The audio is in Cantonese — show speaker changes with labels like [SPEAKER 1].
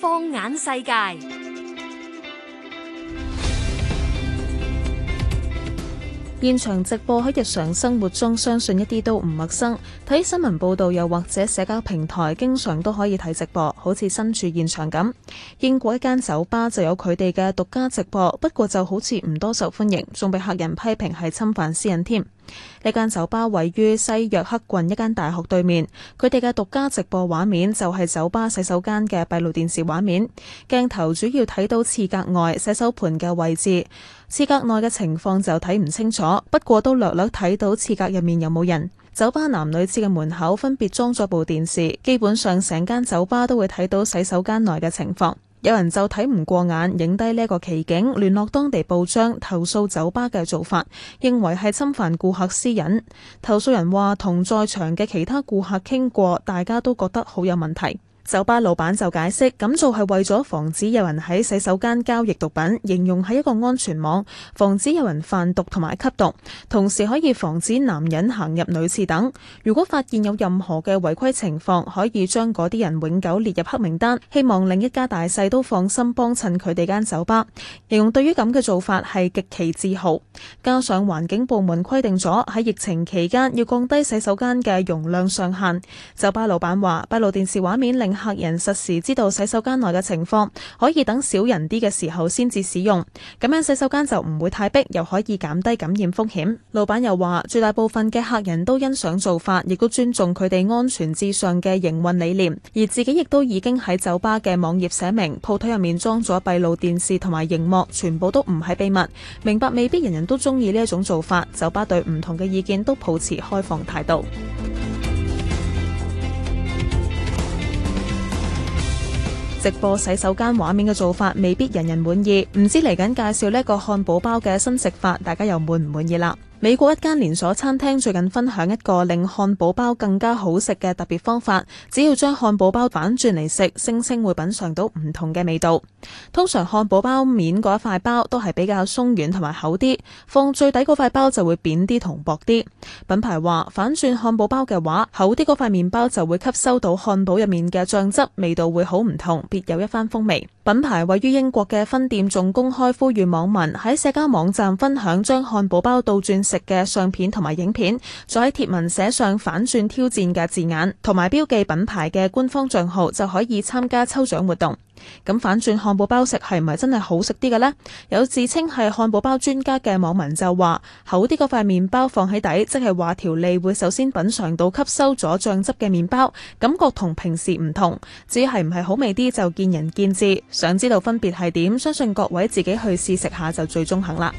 [SPEAKER 1] 放眼世界，現場直播喺日常生活中相信一啲都唔陌生。睇新聞報道又或者社交平台，經常都可以睇直播，好似身處現場咁。英國一間酒吧就有佢哋嘅獨家直播，不過就好似唔多受歡迎，仲被客人批評係侵犯私隱添。呢間酒吧位於西約克郡一間大學對面。佢哋嘅獨家直播畫面就係酒吧洗手間嘅閉路電視畫面，鏡頭主要睇到廁格外洗手盆嘅位置，廁格內嘅情況就睇唔清楚。不過都略略睇到廁格入面有冇人。酒吧男、女廁嘅門口分別裝咗部電視，基本上成間酒吧都會睇到洗手間內嘅情況。有人就睇唔過眼，影低呢個奇景，聯絡當地報章投訴酒吧嘅做法，認為係侵犯顧客私隱，投訴人話同在場嘅其他顧客傾過，大家都覺得好有問題。酒吧老闆就解釋，咁做係為咗防止有人喺洗手間交易毒品，形容係一個安全網，防止有人販毒同埋吸毒，同時可以防止男人行入女廁等。如果發現有任何嘅違規情況，可以將嗰啲人永久列入黑名單。希望另一家大細都放心幫襯佢哋間酒吧。形容對於咁嘅做法係極其自豪。加上環境部門規定咗喺疫情期間要降低洗手間嘅容量上限，酒吧老闆話，閉路電視畫面令。客人實時知道洗手間內嘅情況，可以等少人啲嘅時候先至使用，咁樣洗手間就唔會太逼，又可以減低感染風險。老闆又話，絕大部分嘅客人都欣賞做法，亦都尊重佢哋安全至上嘅營運理念，而自己亦都已經喺酒吧嘅網頁寫明，鋪頭入面裝咗閉路電視同埋熒幕，全部都唔係秘密。明白未必人人都中意呢一種做法，酒吧對唔同嘅意見都抱持開放態度。直播洗手間畫面嘅做法未必人人滿意，唔知嚟緊介紹呢個漢堡包嘅新食法，大家又滿唔滿意啦？美國一間連鎖餐廳最近分享一個令漢堡包更加好食嘅特別方法，只要將漢堡包反轉嚟食，聲稱會品嚐到唔同嘅味道。通常漢堡包面嗰塊包都係比較鬆軟同埋厚啲，放最底嗰塊包就會扁啲同薄啲。品牌話反轉漢堡包嘅話，厚啲嗰塊麵包就會吸收到漢堡入面嘅醬汁，味道會好唔同，別有一番風味。品牌位於英國嘅分店仲公開呼籲網民喺社交網站分享將漢堡包倒轉食嘅相片同埋影片，再喺貼文寫上反轉挑戰嘅字眼，同埋標記品牌嘅官方賬號就可以參加抽獎活動。咁反轉漢堡包食係咪真係好食啲嘅呢？有自稱係漢堡包專家嘅網民就話：厚啲嗰塊麵包放喺底，即係話條脷會首先品嘗到吸收咗醬汁嘅麵包，感覺同平時唔同。至於係唔係好味啲，就見仁見智。想知道分別係點，相信各位自己去試食下就最中肯啦。